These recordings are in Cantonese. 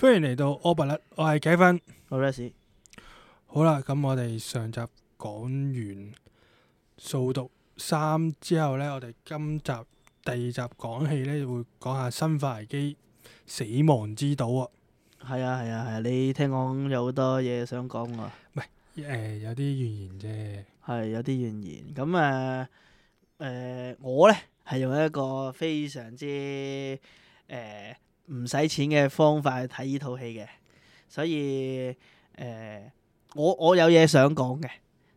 歡迎嚟到《柯伯律》，我係啟分，我係 Grace。好啦，咁我哋上集講完《掃毒三》之後呢，我哋今集第二集講起呢，會講下《生化危機：死亡之島》啊。係啊，係啊，係啊，你聽講有好多嘢想講啊。唔係，誒、呃，有啲怨言啫。係有啲怨言，咁誒，誒、呃呃，我呢，係用一個非常之誒。呃唔使錢嘅方法去睇依套戲嘅，所以誒、呃、我我有嘢想講嘅，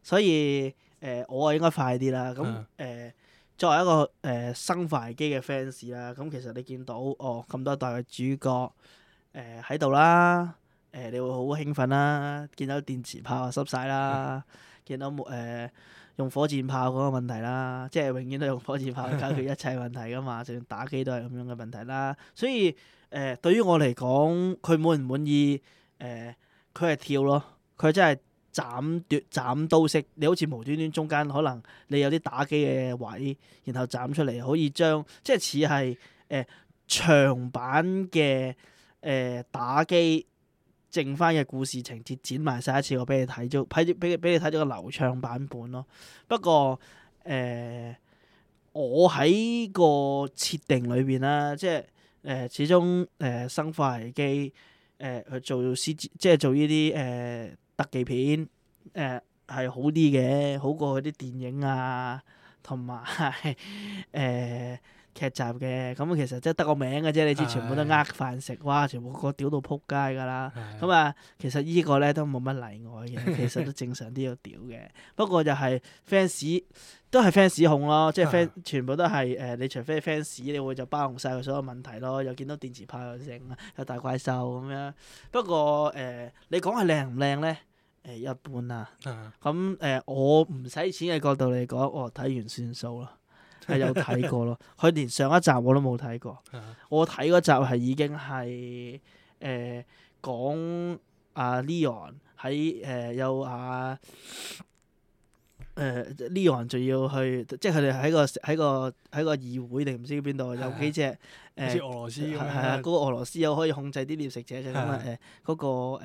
所以誒、呃、我啊應該快啲啦。咁誒、呃、作為一個誒、呃、生化危機嘅 fans 啦，咁其實你見到哦咁多代嘅主角誒喺度啦。誒、呃，你會好興奮啦！見到電磁炮就濕晒啦，見到冇誒、呃、用火箭炮嗰個問題啦，即係永遠都用火箭炮去解決一切問題噶嘛。就算 打機都係咁樣嘅問題啦，所以誒、呃、對於我嚟講，佢滿唔滿意誒？佢、呃、係跳咯，佢真係斬奪斬刀式。你好似無端端中間可能你有啲打機嘅位，然後斬出嚟，可以將即係似係誒長版嘅誒、呃、打機。剩翻嘅故事情節剪埋晒一次，我，我俾你睇咗，俾俾俾你睇咗個流暢版本咯。不過誒、呃，我喺個設定裏邊啦，即係誒、呃、始終誒、呃、生化危機誒去、呃、做 CG，即係做呢啲誒特技片誒係、呃、好啲嘅，好過嗰啲電影啊同埋誒。劇集嘅，咁其實即得個名嘅啫，你知全部都呃飯食，哇的！全部個屌到撲街噶啦，咁啊的，其實個呢個咧都冇乜例外嘅， 其實都正常啲個屌嘅。不過就係 fans 都係 fans 控咯，即係 fans、啊、全部都係誒、呃，你除非 fans，你會就包容晒佢所有問題咯。又見到電磁炮又正，有大怪獸咁樣。不過誒、呃，你講係靚唔靚咧？誒、呃，一般啦。咁誒，我唔使錢嘅角度嚟講，我、哦、睇完了算數啦。係有睇過咯，佢 連樂 上一集我都冇睇過。 我睇嗰集係已經係誒講阿 Leon 喺誒有阿誒 Leon 仲要去，即係佢哋喺個喺個喺個議會定唔知邊度、啊、有幾隻誒？似俄羅斯啊！嗰、啊嗰個俄羅斯有可以控制啲獵食者就因為啊！誒嗰、嗯嗯嗰個誒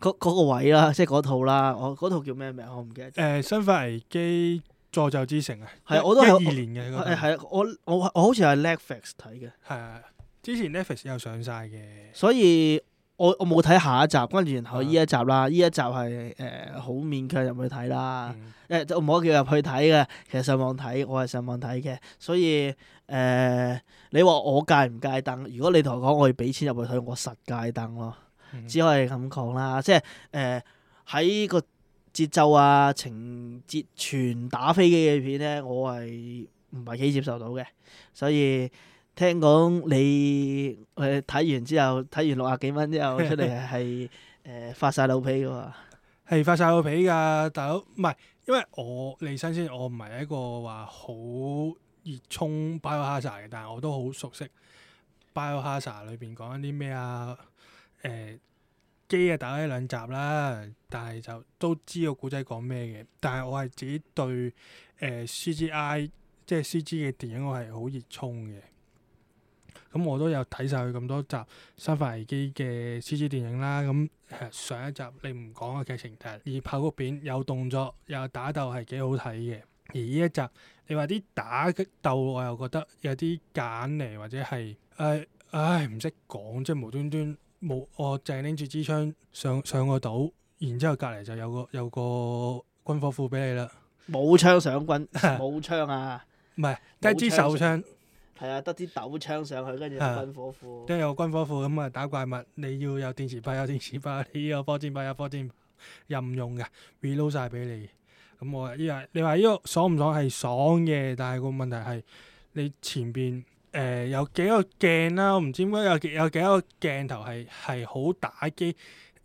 嗰嗰個位啦，即係嗰套啦。我嗰套叫咩名？我唔記得誒《生化危機。》 助紂之城啊，係啊，我都係二年嘅，係、這、係、個、我我，我好似係 Netflix 睇嘅，係係之前 Netflix 有上晒嘅，所以我我冇睇下一集，跟住然後呢一集啦，呢一集係誒好勉強入去睇啦，誒我冇得叫入去睇嘅，其實上網睇我係上網睇嘅，所以誒、呃、你話我戒唔戒燈？如果你同我講我要俾錢入去睇，我實戒燈咯，嗯、只可以咁講啦，即係誒喺個。節奏啊，情節全打飛機嘅片咧，我係唔係幾接受到嘅。所以聽講你誒睇、呃、完之後，睇完六啊幾蚊之後出嚟係誒發晒老脾嘅嘛？係發晒老脾噶，大佬。唔係，因為我嚟新仙，我唔係一個話好熱衷 biohazard 嘅，但係我都好熟悉 biohazard 裏邊講緊啲咩啊，誒、呃。機啊，打咗一兩集啦，但係就都知個故仔講咩嘅。但係我係自己對誒、呃、C G I 即係 C G 嘅電影，我係好熱衷嘅。咁、嗯、我都有睇晒佢咁多集《生化危機》嘅 C G 電影啦。咁、嗯、上一集你唔講個劇情，但係而爆谷片有動作又打鬥係幾好睇嘅。而呢一集你話啲打鬥，我又覺得有啲揀嚟或者係誒、呃、唉唔識講，即係無端端，端。冇，我淨係拎住支槍上上個島，然之後隔離就有個有個軍火庫俾你啦。冇槍上軍，冇槍 啊！唔係得一支手槍，係啊，得支斗槍上去，跟住軍火庫。跟住有軍火庫咁啊，打怪物你要有電池包，有電池包你要有火箭包，有火箭任用嘅 Reload 晒俾你。咁我呢個你話呢個爽唔爽係爽嘅，但係個問題係你前邊。誒、呃，有幾個鏡啦？我唔知點解有有幾個鏡頭係係好打機，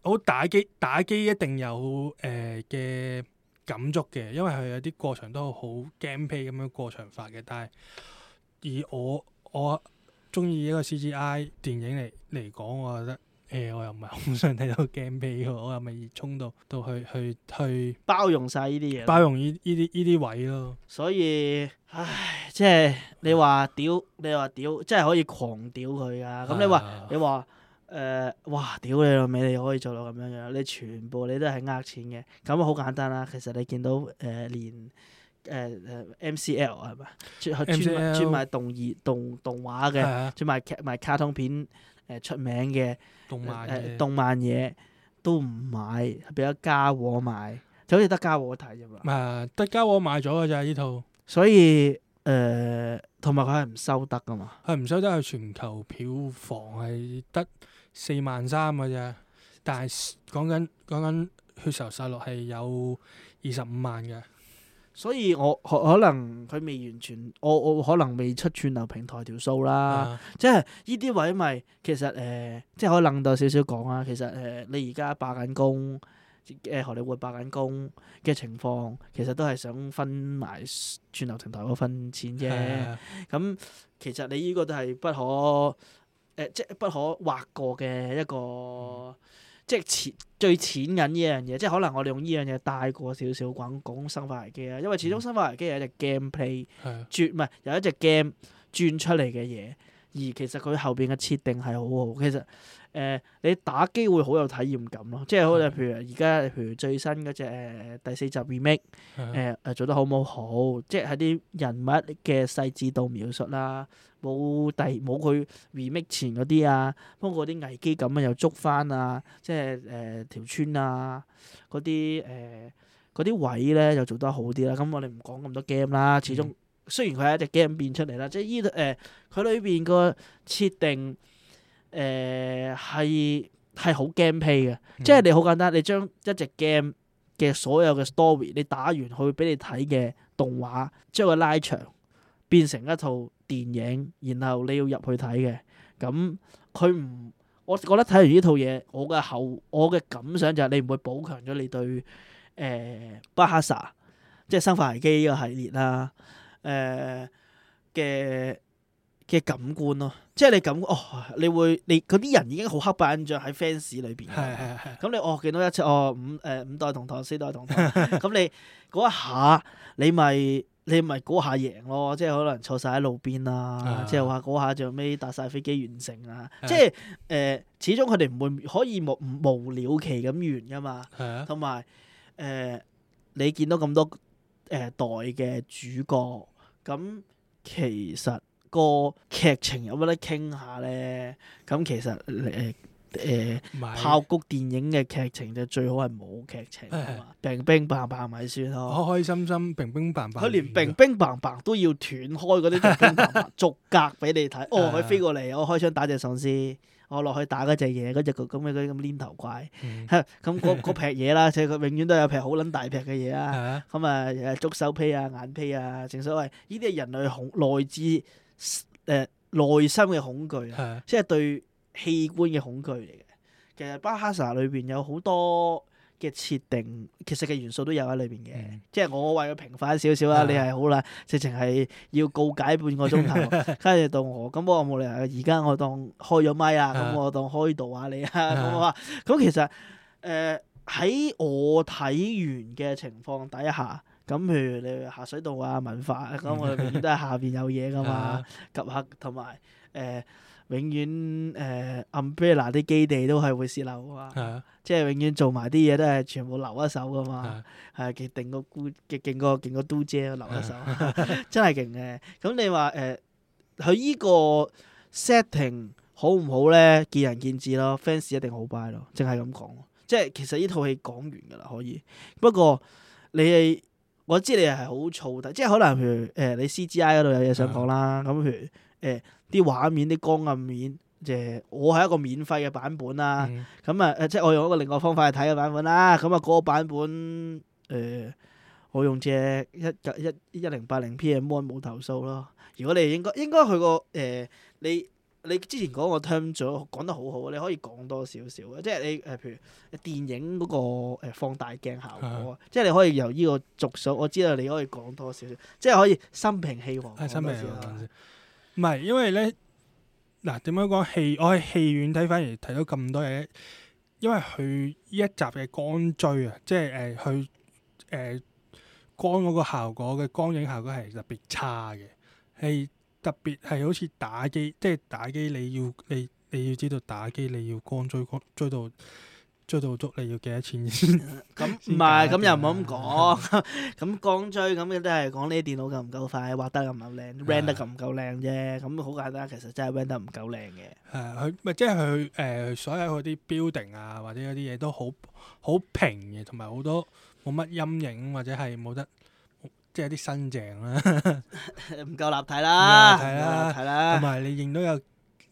好打機打機一定有誒嘅、呃、感觸嘅，因為佢有啲過場都好 gameplay 咁樣過場法嘅。但係以我我中意一個 C G I 電影嚟嚟講，我覺得誒、呃、我又唔係好想睇到 gameplay，我又未熱衷到到去去去包容晒呢啲嘢，包容呢呢啲呢啲位咯。所以，唉。即係你話屌，你話屌，即係可以狂屌佢噶。咁、啊、你話你話誒、呃、哇屌你個美利可以做到咁樣樣，你全部你都係呃錢嘅。咁好簡單啦。其實你見到誒連誒誒 MCL 係咪專賣專賣動業動動畫嘅？啊、專賣劇賣卡通片誒出名嘅、啊呃、動漫嘅動漫嘢都唔買，係譬如嘉禾買，就好似得嘉禾睇啫嘛。誒得嘉禾買咗㗎咋呢套，所以。誒，同埋佢係唔收得噶嘛？佢唔收得，佢全球票房係得四萬三嘅啫。但係講緊講緊《血仇殺戮》係有二十五萬嘅。所以我可可能佢未完全，我我可能未出串流平台條數啦。嗯、即係呢啲位咪其實誒，即係可以冷到少少講啊。其實誒、呃呃，你而家罷緊工。誒荷里活罷緊工嘅情況，其實都係想分埋轉流平台嗰份錢啫。咁其實你呢個都係不可誒、呃，即係不可劃過嘅一個，即係淺最淺緊呢樣嘢。即係可能我哋用呢樣嘢帶過少少講講生化危機啦，因為始終生化危機係一隻 game play 轉唔係有一隻 game 轉出嚟嘅嘢，而其實佢後邊嘅設定係好好，其實。誒、呃、你打機會好有體驗感咯，即係好似譬如而家譬如最新嗰隻、呃、第四集 remake，誒、嗯呃、做得好冇好？即係喺啲人物嘅細緻度描述啦，冇第冇佢 remake 前嗰啲啊，不過啲危機感啊又捉翻啊，即係誒、呃、條村啊，嗰啲誒嗰啲位咧又做得好啲啦。咁我哋唔講咁多 game 啦，始終、嗯、雖然佢係一隻 game 變出嚟啦，即係呢度、誒佢裏邊個設定。誒係係好 game pay 嘅，嗯、即係你好簡單，你將一隻 game 嘅所有嘅 story，你打完佢俾你睇嘅動畫，將佢拉長變成一套電影，然後你要入去睇嘅。咁佢唔，我覺得睇完呢套嘢，我嘅後我嘅感想就係你唔會補強咗你對誒《a、呃、哈 a 即係《生化危機》呢個系列啦，誒、呃、嘅。嘅感官咯，即係你感哦，你會你嗰啲人已經好刻板印象喺 fans 裏邊。咁的、嗯嗯、你哦見到一隻哦五誒、呃、五代同堂，四代同堂。咁呵你嗰一下，你咪你咪嗰下贏咯。即係可能坐晒喺路邊啊，即係話嗰下最尾搭晒飛機完成啊。即係誒、呃，始終佢哋唔會可以無無了期咁完噶嘛。同埋誒，你見到咁多誒代嘅主角，咁其實。個劇情有冇得傾下咧？咁其實誒誒，爆谷電影嘅劇情就最好係冇劇情，乒乒乓乓咪算咯，開開心心乒乒乓乓。佢連乒乒乓乓都要斷開嗰啲，逐格俾你睇。哦，佢飛過嚟，我開槍打隻喪屍，我落去打嗰隻嘢，嗰隻咁嘅嗰啲咁黏頭怪。咁嗰嗰劈嘢啦，即係佢永遠都有劈好撚大劈嘅嘢啦。咁啊，捉手劈啊，眼劈啊，正所謂呢啲係人類好內智。誒、呃、內心嘅恐懼啊，的即係對器官嘅恐懼嚟嘅。其實《巴哈薩》裏邊有好多嘅設定，其實嘅元素都有喺裏邊嘅。嗯、即係我為佢平反少少啦，嗯、你係好難，直情係要告解半個鐘頭，跟住 到我咁我冇理由，而家我當開咗咪啊，咁、嗯、我當開導下、啊、你啊咁啊。咁、嗯、其實誒喺、呃、我睇完嘅情況底下。咁譬如你下水道啊、文化咁，我哋永遠都係下邊有嘢噶嘛，嗯、及客同埋誒，永遠 umbrella 啲基地都係會泄漏噶嘛，嗯、即係永遠做埋啲嘢都係全部留一手噶嘛，係極勁個顧極勁個勁個都姐都留一手，嗯、呵呵真係勁嘅。咁你話誒，佢、呃、依個 setting 好唔好咧？見仁見智咯，fans 分手一定好 buy 咯，淨係咁講。即係其實依套戲講完噶啦，可以。不過你係。我知你係好燥，但即係可能譬如誒、呃，你 CGI 嗰度有嘢想講啦，咁、嗯、譬如誒啲、呃、畫面啲光暗面即誒、呃，我係一個免費嘅版本啦，咁啊誒，即係我用一個另外一個方法去睇個版本啦，咁啊嗰、嗯嗰個版本誒、呃，我用隻一一一零八零 PM One 冇投訴咯。如果你應該應該去過誒你。你之前講我聽咗，講得好好，你可以講多少少，即係你，譬如電影嗰個放大鏡效果，係。即係你可以由呢個軸數，我知道你可以講多少少，即係可以心平氣和。係，心平氣和。唔係，因為呢，嗱，點樣講戲？我喺戲院睇，反而睇到咁多嘢，因為佢呢一集嘅光追啊，即係佢、呃，光嗰個效果嘅光影效果係特別差嘅，係。特別係好似打機，即係打機你，你要你你要知道打機，你要光追光追到追到足，你要幾多錢先、 嗯？咁唔係咁又唔好咁講。咁光追咁嘅都係講你電腦夠唔夠快，畫得夠唔夠靚 render 得夠唔夠靚啫。咁好簡單，其實真係 render 得唔夠靚嘅。係佢咪即係佢誒所有嗰啲 building 啊，或者一啲嘢都好好平嘅，同埋好多冇乜陰影或者係冇得。即係啲新淨啦，唔 夠立體啦，係啦， 係啦。 同埋你認到有，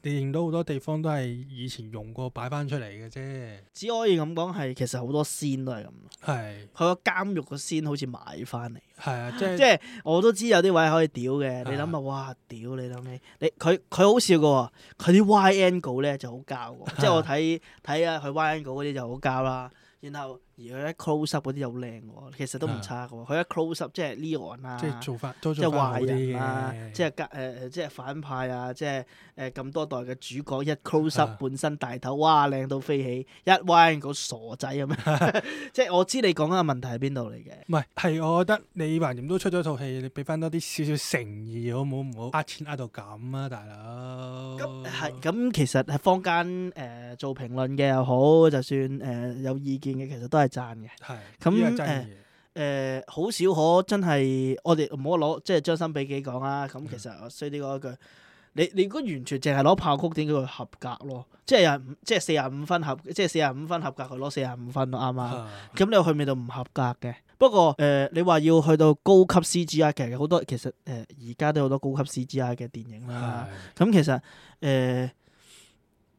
你認到好多地方都係以前用過擺翻出嚟嘅啫。只可以咁講係，其實好多仙都係咁。係是，佢個監獄個仙好似買翻嚟。係啊，就是、即係我都知有啲位可以屌嘅、啊。你諗下，哇屌你諗你，你佢佢好笑嘅喎，佢啲 Y angle 咧就好膠嘅。啊、即係我睇睇下佢 Y angle 嗰啲就好膠啦。然後。而佢一 close up 嗰啲又靚喎，其實都唔差嘅喎。佢、嗯、一 close up 即係 Leon 啊，即係做法，即係壞哇 人啊，いい即係隔誒即係反派啊，即係誒咁多代嘅主角一 close up 本身大頭，哇靚到飛起一彎、這個傻仔咁樣。啊、 即係我知你講緊嘅問題係邊度嚟嘅？唔係、嗯，係我覺得你橫掂都出咗套戲，你俾翻多啲少少誠意好唔好？唔好呃錢呃到咁啊，大佬。咁係咁，其實喺坊間誒、呃、做評論嘅又好，就算誒有意見嘅，其實都係。係讚嘅，係咁誒誒，好少、呃、可真係，我哋唔好攞即係將心比己講啊。咁其實我衰啲講一句，嗯、你你如果完全淨係攞炮谷點叫合格咯？即係五即係四十五分合，即係四十五分合格，佢攞四十五分咯，啱嘛？咁、嗯、你去未到唔合格嘅。不過誒、呃，你話要去到高級 C G I，其實好多其實誒，而、呃、家都好多高級 C G I 嘅電影啦。咁的、嗯、其實誒。呃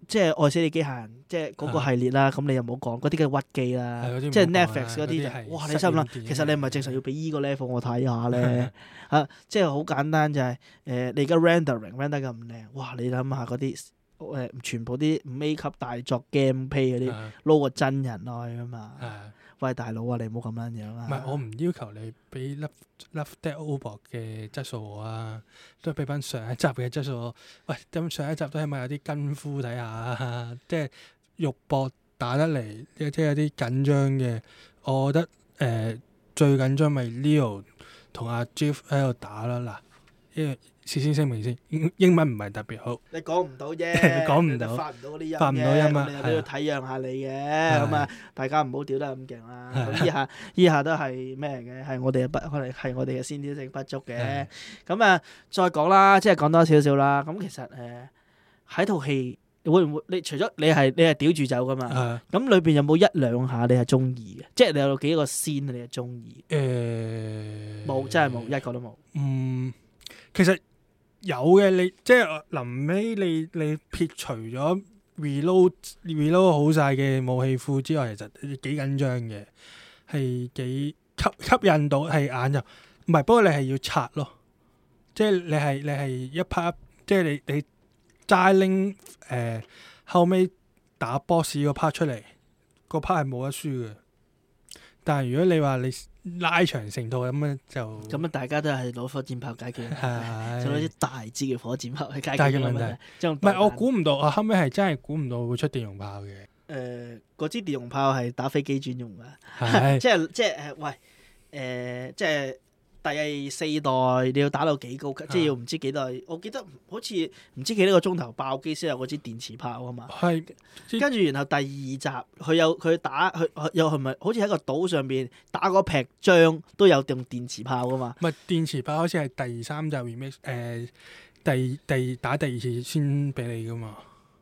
即係愛死機械人，即係嗰個系列啦。咁、啊、你又冇好講嗰啲嘅屈機啦，啊、即係 Netflix 嗰啲就哇！你心諗啦，其實你唔係正常要俾呢個 level 我睇下咧嚇。即係好簡單就係、是、誒、呃，你而家 rendering render 咁唔靚，哇！你諗下嗰啲誒全部啲五 A 級大作 gameplay 嗰啲，攞、啊、個真人落去噶嘛。啊啊喂，大佬啊，你唔好咁樣樣啊！唔係，我唔要求你俾粒粒 dead 歐博嘅質素啊，都俾翻上一集嘅質素。喂，咁上一集都起碼有啲筋膚睇下，即係、就是、肉搏打得嚟，即係有啲緊張嘅。我覺得誒、呃、最緊張咪 Leo 同阿 Jeff 喺度打啦嗱，因為。這個事先聲明先，英英文唔係特別好。你講唔到啫，講唔到，發唔到嗰啲音嘅，我哋都要體諒下你嘅。咁啊，大家唔好屌得咁勁啦。咁以下，以下都係咩嘅？係我哋嘅不，可能係我哋嘅先天性不足嘅。咁啊，再講啦，即係講多少少啦。咁其實誒喺套戲會唔會？你除咗你係你係屌住走㗎嘛？咁裏邊有冇一兩下你係中意嘅？即係你有幾多個 scene 你係中意？誒，冇，真係冇，一個都冇。嗯，其實。有嘅，你即係臨尾，你你撇除咗 reload reload 好晒嘅武器庫之外，其實幾緊張嘅，係幾吸吸引到係眼入。唔係。不過你係要刷咯，即係你係你係一 part，即係你你齋拎誒後尾打 boss 個 part 出嚟，個 part 係冇得輸嘅。但係如果你話你，拉長程度咁樣就，咁啊大家都係攞火箭炮解決，就攞啲大支嘅火箭炮去解決問題就，唔係我估唔到，我後尾係真係估唔到會出電容炮嘅。誒、呃，嗰支電容炮係打飛機專用嘅 的， 即係、呃、即係誒喂誒即係。第四代你要打到幾高級，即係要唔知幾耐。啊、我記得好似唔知幾多個鐘頭爆機先有嗰支電磁炮啊嘛。是跟住然後第二集佢有佢打佢又有係咪？好似喺個島上邊打嗰劈仗都有用電磁炮啊嘛。唔係電磁炮好似係第三集 remix 誒、呃，第第打第二次先俾你噶嘛。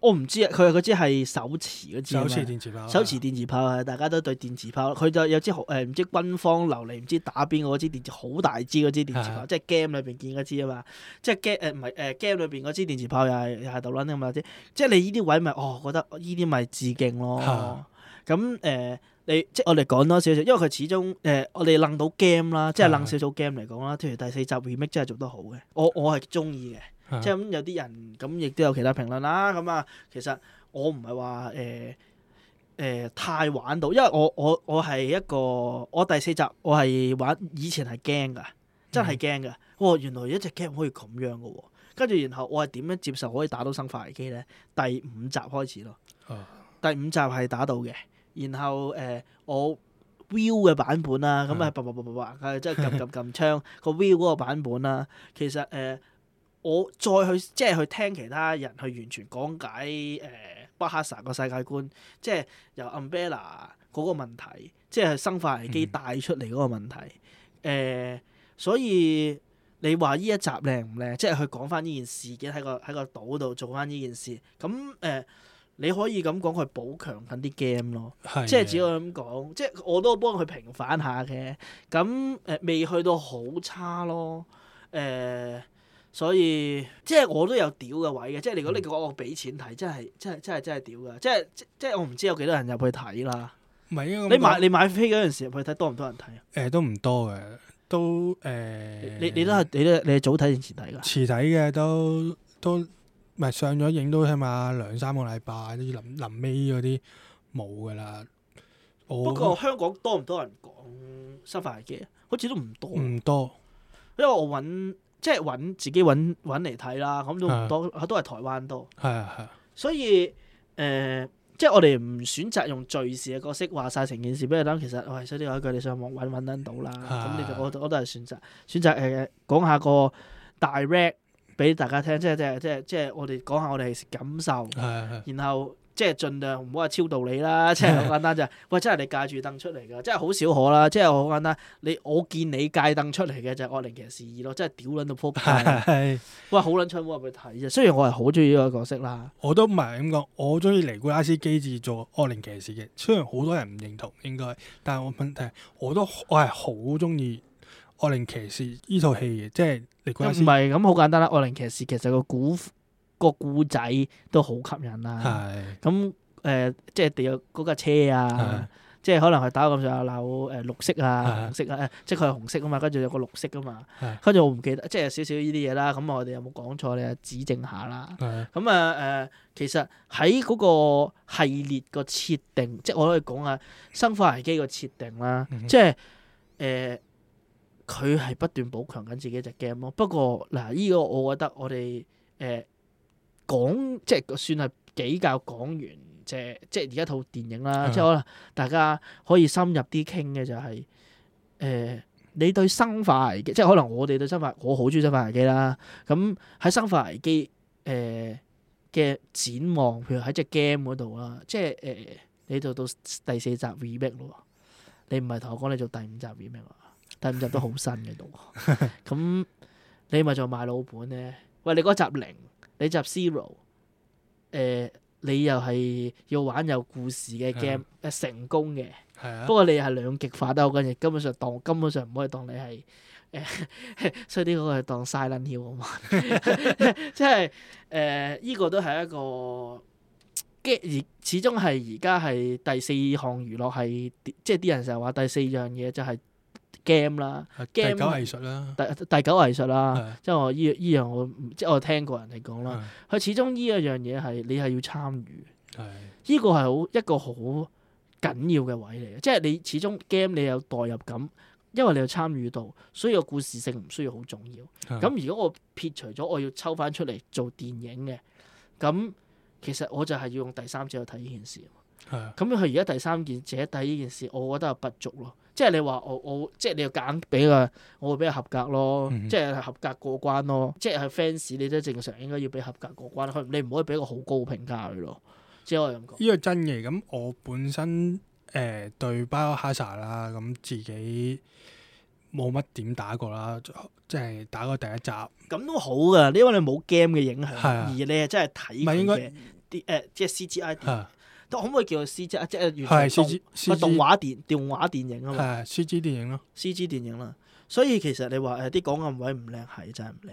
我唔知啊，佢係嗰支係手持嗰支，手持電磁炮。手持電磁炮的大家都對電磁炮，佢就有支好誒唔知軍方流嚟唔知打邊個嗰支電磁好大支嗰支電磁炮，的即係 game 裏邊見嗰支啊嘛，即係 game 誒唔係誒 game 裏邊嗰支電磁炮又係又係豆撚噶嘛啲，即係你呢啲位咪哦覺得呢啲咪致敬咯。咁誒的、呃、你即我哋講多少少，因為佢始終誒、呃、我哋諗到 game 啦，即係諗少少 game 嚟講啦。譬的的如第四集 remake 真係做得好嘅，我我係中意嘅。嗯、即係咁，有啲人咁亦都有其他評論啦。咁啊，其實我唔係話誒誒太玩到，因為我我我係一個我第四集我係玩以前係驚噶，真係驚噶。哇、嗯哦！原來一隻 game 可以咁樣噶喎。跟住然後我係點樣接受可以打到生化危機咧？第五集開始咯。哦、第五集係打到嘅。然後誒、呃、我 view 嘅版本啦，咁啊、嗯，叭叭叭叭叭，即真係撳撳撳槍個 view 嗰個版本啦。其實誒。呃我再去即係去聽其他人去完全講解誒巴、呃、哈薩個世界觀，即係由 umbrella 嗰個問題，即係生化危機帶出嚟嗰個問題、嗯呃。所以你話呢一集靚唔靚？即係去講翻呢件事嘅喺個喺個島度做翻呢件事。咁誒、嗯呃，你可以咁講佢補強緊啲 game 咯，的即係只要咁講，即係我都幫佢平反下嘅。咁誒、呃，未去到好差咯，誒、呃。所以即係我都有屌嘅位嘅，即係如果你叫我俾錢睇、嗯，真係真係真係真係屌噶，即係即即係我唔知有幾多人入去睇啦。唔係，你買你買飛嗰陣時入去睇多唔多人睇啊？誒、呃，都唔多嘅，都誒、呃。你都你,你都係你你係早睇定遲睇噶？遲睇嘅都都唔係上咗影都起碼兩三個禮拜，臨臨尾嗰啲冇噶啦。不過香港多唔多人講《生化危機》？好似都唔多,多。唔多，因為我揾。即係揾自己揾揾嚟睇啦，咁都唔多，啊、都係台灣多。啊、所以誒、呃，即係我哋唔選擇用敘事嘅角色話晒成件事，不你等其實，喂，所以呢話句你，你上網揾揾得到啦。咁、啊、你就我我都係選擇選擇誒、呃、講下個 direct 俾大家聽，即係即係即係即係我哋講下我哋感受。啊、然後。即係儘量唔好話超道理啦，即係好簡單啫。 喂，真係你架住凳出嚟噶，真係好少可啦。即係好簡單，你我見你架凳出嚟嘅就係惡靈騎士二咯，真係屌撚到撲街。喂，好撚出，冇入去睇啫？雖然我係好中意呢個角色啦。 我都唔係咁講，我中意尼古拉斯基治做惡靈騎士嘅。雖然好多人唔認同，應該，但係我問題，我都我係好中意惡靈騎士呢套戲嘅。即係尼古拉斯唔係咁好簡單啦？惡靈騎士其實個古。個故仔都好吸引啦、啊，咁誒是的、嗯呃，即係第日嗰架車啊，是的 即係、嗯嗯、可能係打到咁上下樓誒，綠色啊，紅色啊，即係佢係紅色啊嘛，跟住有個綠色噶嘛，跟住是的 我唔記得，即係有少少呢啲嘢啦。咁我哋有冇講錯咧？你啊指正下啦。咁啊，誒，其實喺嗰個系列個設定，即係我可以講下《生化危機》個設定啦。即係誒，佢係不斷補強緊自己隻 game 咯。不過嗱，呢、呃呃呃這個我覺得我哋誒。呃呃呃呃講即係算係幾較講完即，即係即係而家套電影啦。嗯、即係可能大家可以深入啲傾嘅就係、是、誒、呃，你對生化危機，即係可能我哋對生化，我好中意生化危機啦。咁喺生化危機誒嘅、呃、展望，譬如喺隻 game 嗰度啦，即係誒、呃、你做到第四集 remake 啦，你唔係同我講你做第五集 remake，第五集都好新嘅都，咁 你咪再買老本咧？喂，你嗰集零。你集 Zero，誒、呃、你又係要玩有故事嘅 game，誒 Yeah. 成功嘅。Yeah. 不過你係兩極化，都好緊要，根本上當根本上唔可以當你係誒、呃，所以啲嗰個係當 Silent Hill 好冇？即係誒，依、呃，這個都係一個，而始終係而家係第四項娛樂係，即係啲人成日話第四樣嘢就係、是。game 啦，game 啦，第九藝術啦，第第九藝術啦，即係我依依樣，我即係我聽過人哋講啦。佢的始終依一樣嘢係你係要參與，呢的個係好一個好緊要嘅位嚟嘅。即係你始終 game 你有代入感，因為你有參與到，所以個故事性唔需要好重要。咁的如果我撇除咗，我要抽翻出嚟做電影嘅，咁其實我就係要用第三者去睇呢件事。咁佢而家第三者睇呢件事，我覺得有不足咯。即係你話我我即係你要揀俾個，我會比較合格咯，嗯、即係合格過關咯。即係 fans，你都正常應該要俾合格過關，你唔可以俾個好高評價佢咯。只可以咁講。呢個真嘅。咁我本身誒、呃、對《Biohazard》啦，咁自己冇乜點打過啦，即係打過第一集。咁都好噶、啊，因為你冇 game 嘅影響，啊、而咧即係睇佢嘅啲誒即係 CGI。可唔可以叫佢 CG 啊？即係完全動 G，動畫電動畫電影啊嘛。係的 CG 電影咯。CG 電影啦，所以其實你話誒啲光暗位唔靚係真係唔靚，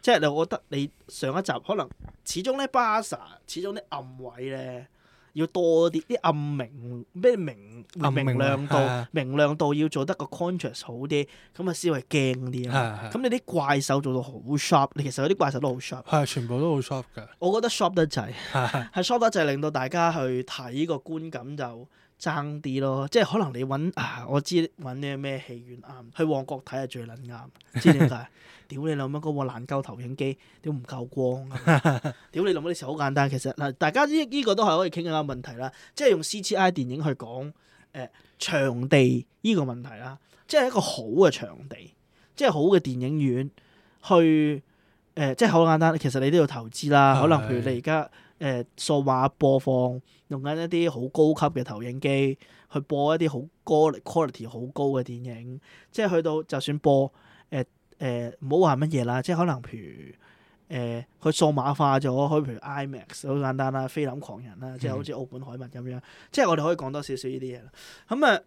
即係你我覺得你上一集可能始終咧，巴薩始終啲暗位咧，要多啲，啲暗明咩明明,明,明亮度，的明亮度要做得個 contrast 好啲，咁啊稍微驚啲啊，咁的你啲怪獸做到好 sharp 你其實嗰啲怪獸都好 sharp 係全部都好 sharp 㗎。我覺得 sharp 得滯，係 sharp 得滯令到大家去睇個觀感就。爭啲咯，即係可能你揾啊，我知揾啲咩戲院啱，去旺角睇係最撚啱。知點解？屌 你老母嗰個爛鳩投影機，屌唔夠光。屌 你老母啲事好簡單，其實嗱，大家呢呢個都係可以傾緊一個問題啦，即係用 CGI 電影去講誒、呃、場地呢個問題啦，即係一個好嘅場地，即係好嘅電影院去誒、呃，即係好簡單。其實你都要投資啦，可能譬如你而家。誒、呃、數碼播放，用緊一啲好高級嘅投影機去播一啲好高 quality 好高嘅電影，即係去到就算播誒誒，唔好話乜嘢啦，即係可能譬如誒，佢、呃、數碼化咗，可以譬如 IMAX 好簡單啦，菲林狂人啦，即係好似奧本海默咁樣，嗯、即係我哋可以講多少少呢啲嘢啦。咁、嗯、啊，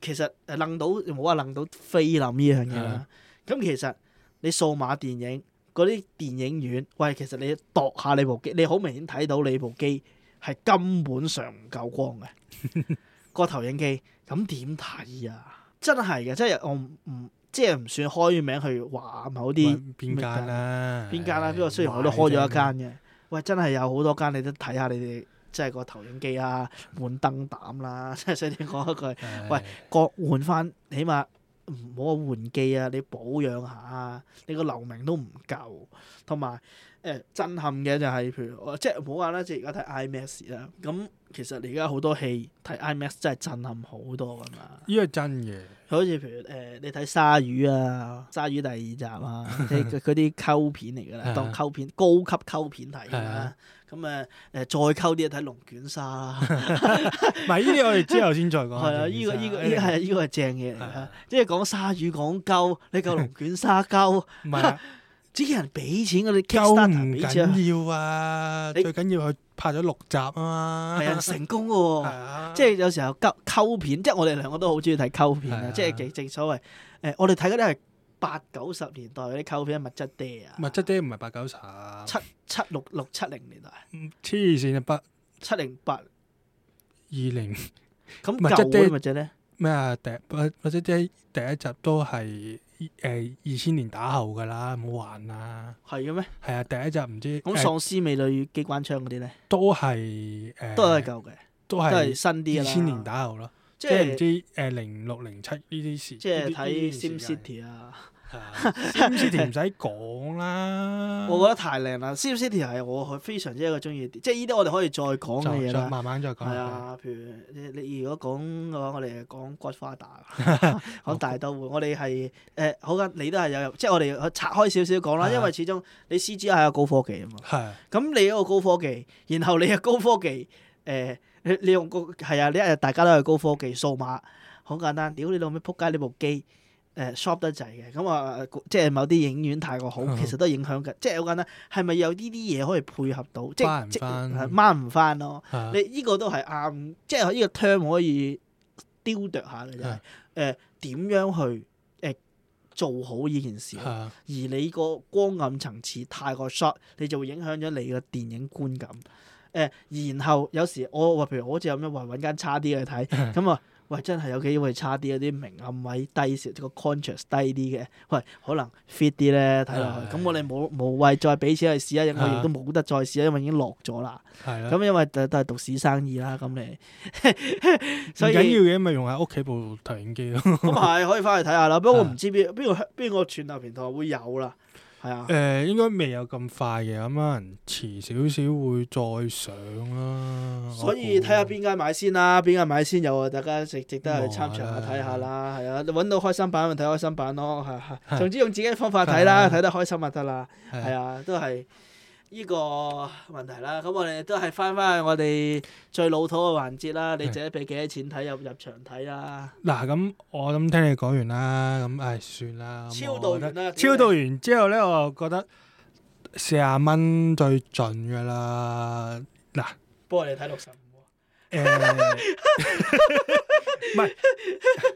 其實誒諗到，唔好話諗到菲林呢樣嘢啦。咁、嗯嗯、其實你數碼電影。嗰啲電影院，喂，其實你度下你部機，你好明顯睇到你部機係根本上唔夠光嘅 個投影機，咁點睇啊？真係嘅，真係我唔即係唔算開名去話某啲邊間啦，邊間啦？不過的雖然我都開咗一間嘅，的喂，真係有好多間你都睇下你哋，即係個投影機啦、啊、換燈膽啦，即係想講一句，的喂，各換翻起碼。唔好啊！換機啊！你保養下啊！你個流明都唔夠，同埋。誒，震撼嘅就係譬如我即係唔好話啦，即係而家睇 IMAX 啦。咁其實你而家好多戲睇 IMAX 真係震撼好多㗎嘛。呢個係真嘅，好似譬如誒，你睇鯊魚啊，鯊魚第二集啊，即係嗰啲溝片嚟㗎啦，當溝片高級溝片睇㗎啦。咁誒誒再溝啲睇龍捲沙啦。唔係呢啲我哋之後先再講。係啊，呢個呢個呢係呢個係正嘢嚟㗎。即係講鯊魚講溝，你夠龍捲沙溝。唔係啊。啲人俾錢嗰啲，溝唔緊要啊！你最緊要佢拍咗六集啊嘛，係啊，成功喎！即係有時候溝溝片，即係我哋兩個都好中意睇溝片啊！即係正所謂誒、呃，我哋睇嗰啲係八九十年代嗰啲溝片，物質爹啊！物質爹唔係八九十，七七六六七零年代，黐線啊！八七零八二零，咁舊嘅物質爹咧咩啊？第物質爹第一集都係。誒，二千年打後噶啦，唔好玩啦。係嘅咩？係啊，第一集唔知。咁喪屍美女機關槍嗰啲咧？都係誒，呃、都係舊嘅，都係是 新啲啦，二千年打後咯。即係是唔知誒，零六零七呢啲事，0 6, 0 7, 即係是睇 SimCity 啊。 c c t v 唔使講啦，我覺得太靚啦。c c t v 係我非常之一個中意，即係呢啲我哋可以再講嘅嘢啦。慢慢再講，係啊，譬如你如果講嘅話，我哋講 Godfather，講大都會。我哋係誒好噶，你都係有，即係我哋拆開少少講啦。啊、因為始終你 C G 係個高科技啊嘛，咁你一個高科技，然後你又高科技，誒、呃、你你用高係啊，你啊大家都係高科技，數碼好簡單。屌你老母撲街，你部機！誒 shop 得滯嘅，咁啊、呃嗯、即係某啲影院太過好，其實都影響嘅。嗯、即係好簡單，係咪有呢啲嘢可以配合到？花花即係即係掹唔翻咯。啊、你呢個都係啱，即係呢個 term 可以雕琢下嘅，啊、就係誒點樣去誒、呃、做好呢件事。啊、而你個光暗層次太過 short，你就會影響咗你嘅電影觀感。誒、呃，然後有時我話譬如我好似有咩話揾間差啲嘅睇，咁、嗯、啊～、嗯嗯喂，真係有機會差啲，嗰啲明暗位低少少，個 contrast 低啲嘅，喂，可能 fit 啲咧睇落去。咁的我哋冇冇謂再俾錢去試啊？我亦都冇得再試啦，因為已經落咗啦。係咁的因為都係讀市生意啦，咁你 所以緊要嘅咪用喺屋企部投影機咯。咁 係可以翻去睇下啦，我不過唔知邊邊個邊個串流平台會有啦。係啊，誒應該未有咁快嘅，咁可能遲少少會再上啦。所以睇下邊間買先啦，邊間買先有啊。大家值值得去參詳下睇下啦，係啊，你揾到開心版咪睇開心版咯，係。總之用自己方法睇啦，睇得開心就得啦，係啊，都係。呢個問題啦，咁我哋都係返返去我哋最老土嘅環節啦。你自己俾幾多錢睇入入場睇啦？嗱，咁我諗聽你講完啦，咁唉算啦。超導完啦，超導完之後咧，我覺得四十蚊最盡㗎啦。嗱，不過你睇六十五喎。誒，唔係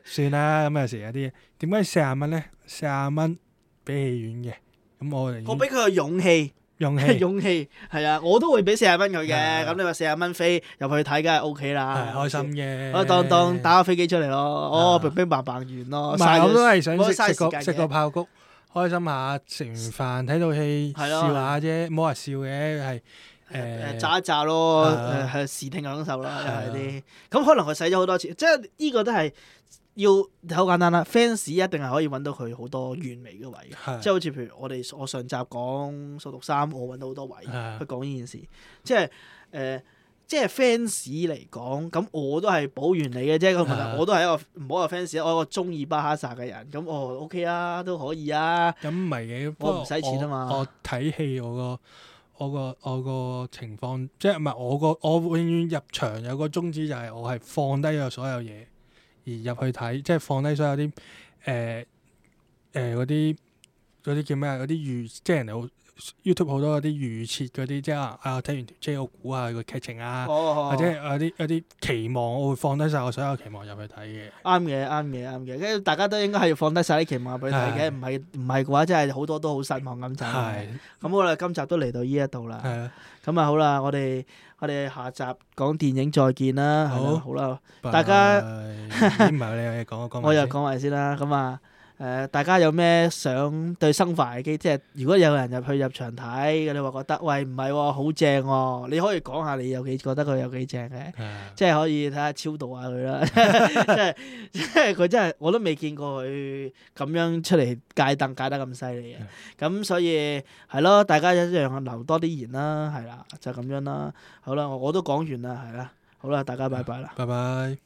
算啦。咁有時有啲點解四十蚊咧？四十蚊俾戲院嘅，咁我哋我俾佢個勇氣。勇氣，勇氣係啊！我都會俾四廿蚊佢嘅，咁你話四廿蚊飛入去睇，梗係 O K 啦，開心嘅，當當打個飛機出嚟咯，哦，乒乒乓乓完咯。唔係我都係想食食個食個爆谷，開心下，食完飯睇套戲，笑下啫，冇話笑嘅，係誒炸一炸咯，誒係視聽享受咯，係啲，咁可能佢使咗好多錢，即係呢個都係。要好簡單啦，fans 一定係可以揾到佢好多完美嘅位，即係好似譬如我哋我上集講掃毒三，我揾到好多位的去講呢件事，即係誒、呃，即係 fans 嚟講，咁我都係保原你嘅啫。個問題我都係一個唔好話 fans，我一個中意巴哈薩嘅人，咁我 OK 啊，都可以啊。咁唔係嘅，我唔使錢啊嘛。我睇戲我個我個我個情況，即係唔係我個我，我永遠入場有個宗旨就係我係放低咗所有嘢。而入去睇，即係放低所有啲誒誒嗰啲嗰啲叫咩啊？嗰啲預，即係人哋好。YouTube 好多嗰啲預設嗰啲，即係啊睇完條車我估下個劇情啊，啊 atching, oh, oh, oh. 或者有啲有啲期望，我會放低晒我所有期望入去睇嘅。啱嘅，啱嘅，啱嘅。跟住大家都應該係要放低晒啲期望入去睇嘅，唔係唔係嘅話，真係好多都好失望咁就。咁好啦，今集都嚟到呢一度啦。咁啊的好啦，我哋我哋下集講電影再見啦好。好，好啦 Bye，大家唔係不 你講，我講。 我又講埋先啦。咁啊。 誒、呃，大家有咩想對生化危機？即係如果有人入去入場睇，你話覺得喂唔係喎，好、哦、正喎、哦！你可以講下你有幾覺得佢有幾正嘅，即係可以睇下超度下佢啦。即係即係佢真係我都未見過佢咁樣出嚟解凳解得咁犀利嘅。咁的所以係咯，大家一樣留多啲言啦，係啦，就咁樣啦。好啦，我都講完啦，係啦，好啦，大家拜拜啦，拜拜。